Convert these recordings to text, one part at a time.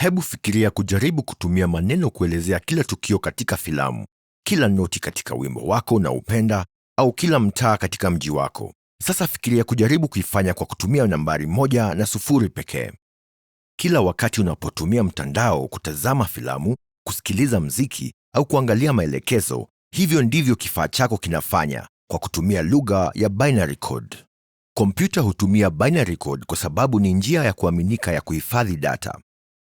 Hebu fikiria kujaribu kutumia maneno kuelezea kila tukio katika filamu, kila noti katika wimbo wako na upenda au kila mtaa katika mji wako. Sasa fikiria kujaribu kuifanya kwa kutumia nambari moja na sufuri pekee. Kila wakati unapotumia mtandao kutazama filamu, kusikiliza mziki au kuangalia maelekezo, hivyo ndivyo kifaa chako kinafanya kwa kutumia lugha ya binary code. Kompyuta hutumia binary code kwa sababu ni njia ya kuaminika ya kuhifadhi data.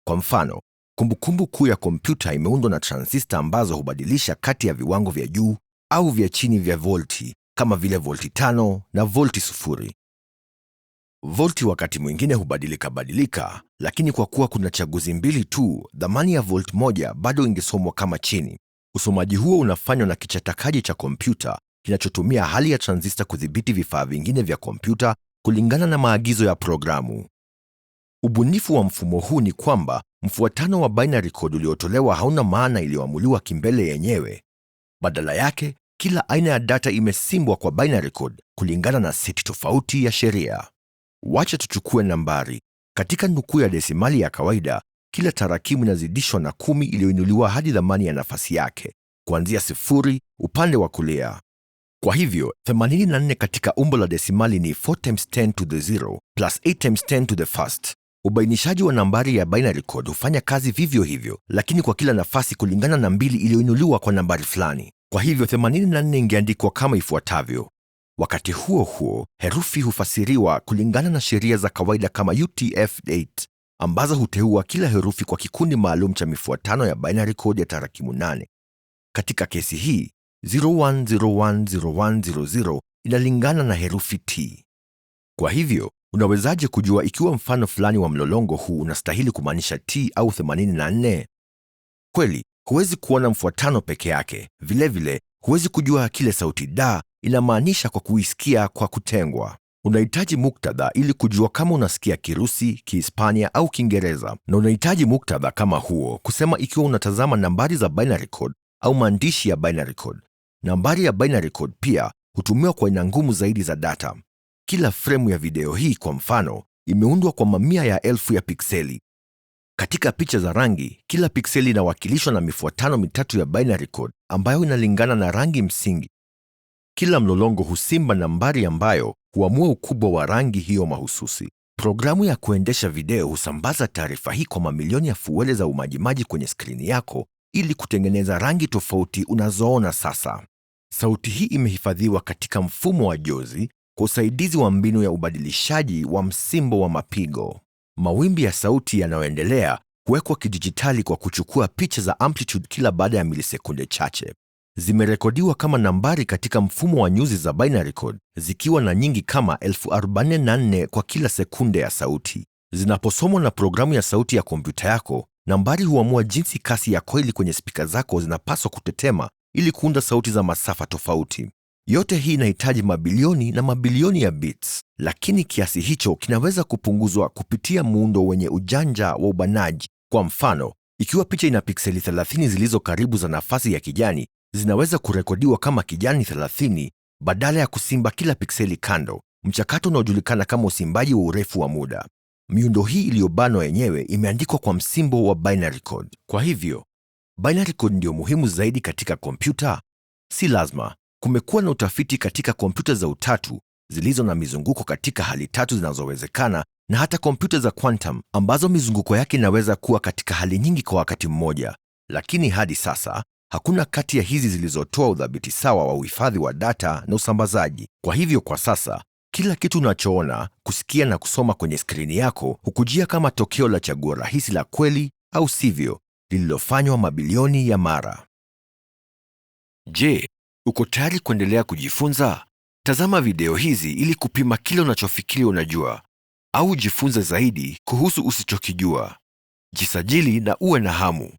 Kwa mfano, kumbukumbu kuu ya kompyuta imeundwa na transista ambazo hubadilisha kati ya viwango vya juu au vya chini vya volti kama vile volti tano na volti sufuri. Volti wakati mwingine hubadilika badilika, lakini kwa kuwa kuna chaguzi mbili tu, thamani ya volti moja bado ingesomwa kama chini. Usomaji huo unafanywa na kichatakaji cha kompyuta kinachotumia hali ya transista kudhibiti vifaa vingine vya kompyuta kulingana na maagizo ya programu. Ubunifu wa mfumo huu ni kwamba mfuatano wa binary code uliotolewa hauna maana iliyoamuliwa kimbele yenyewe. Badala yake, kila aina ya data imesimbwa kwa binary code kulingana na seti tofauti ya sheria. Wacha tuchukue nambari. Katika nukuu ya desimali ya kawaida, kila tarakimu inazidishwa na kumi iliyoinuliwa hadi thamani ya nafasi yake, kuanzia sifuri upande wa kulia. Kwa hivyo 84 katika umbo la desimali ni 4 times 10 to the 0 plus 8 times 10 to the first Ubainishaji wa nambari ya binary code hufanya kazi vivyo hivyo, lakini kwa kila nafasi kulingana na mbili iliyoinuliwa kwa nambari fulani. Kwa hivyo 84 ingeandikwa kama ifuatavyo. Wakati huo huo, herufi hufasiriwa kulingana na sheria za kawaida kama UTF-8 ambazo huteua kila herufi kwa kikundi maalum cha mifuatano ya binary code ya tarakimu nane. Katika kesi hii 01010100 inalingana na herufi T. Kwa hivyo Unawezaje kujua ikiwa mfano fulani wa mlolongo huu unastahili kumaanisha t au 84? Kweli, huwezi kuona mfuatano peke yake. Vilevile vile, huwezi kujua kile sauti da inamaanisha kwa kuisikia kwa kutengwa. Unahitaji muktadha ili kujua kama unasikia Kirusi, Kihispania au Kiingereza, na unahitaji muktadha kama huo kusema ikiwa unatazama nambari za binary code au maandishi ya binary code. Nambari ya binary code pia hutumiwa kwa aina ngumu zaidi za data. Kila fremu ya video hii kwa mfano imeundwa kwa mamia ya elfu ya pikseli. Katika picha za rangi, kila pikseli inawakilishwa na mifuatano mitatu ya binary code ambayo inalingana na rangi msingi. Kila mlolongo husimba nambari ambayo huamua ukubwa wa rangi hiyo mahususi. Programu ya kuendesha video husambaza taarifa hii kwa mamilioni ya fuele za umajimaji kwenye skrini yako ili kutengeneza rangi tofauti unazoona sasa. Sauti hii imehifadhiwa katika mfumo wa jozi kwa usaidizi wa mbinu ya ubadilishaji wa msimbo wa mapigo. Mawimbi ya sauti yanayoendelea huwekwa kidijitali kwa kuchukua picha za amplitude kila baada ya milisekunde chache. Zimerekodiwa kama nambari katika mfumo wa nyuzi za binary code, zikiwa na nyingi kama 44 kwa kila sekunde ya sauti. Zinaposomwa na programu ya sauti ya kompyuta yako, nambari huamua jinsi kasi ya koili kwenye spika zako zinapaswa kutetema ili kuunda sauti za masafa tofauti. Yote hii inahitaji mabilioni na mabilioni ya bits, lakini kiasi hicho kinaweza kupunguzwa kupitia muundo wenye ujanja wa ubanaji. Kwa mfano, ikiwa picha ina pikseli 30 zilizo karibu za nafasi ya kijani, zinaweza kurekodiwa kama kijani 30 badala ya kusimba kila pikseli kando, mchakato unaojulikana kama usimbaji wa urefu wa muda. Miundo hii iliyobanwa yenyewe imeandikwa kwa msimbo wa binary code. Kwa hivyo binary code ndio muhimu zaidi katika kompyuta? Si lazima. Kumekuwa na utafiti katika kompyuta za utatu zilizo na mizunguko katika hali tatu zinazowezekana na hata kompyuta za quantum ambazo mizunguko yake inaweza kuwa katika hali nyingi kwa wakati mmoja, lakini hadi sasa hakuna kati ya hizi zilizotoa udhabiti sawa wa uhifadhi wa data na usambazaji. Kwa hivyo, kwa sasa kila kitu unachoona, kusikia na kusoma kwenye skrini yako hukujia kama tokeo la chaguo rahisi la kweli au sivyo, lililofanywa mabilioni ya mara. Je, Uko tayari kuendelea kujifunza? Tazama video hizi ili kupima kile unachofikiri unajua au jifunze zaidi kuhusu usichokijua. Jisajili na uwe na hamu.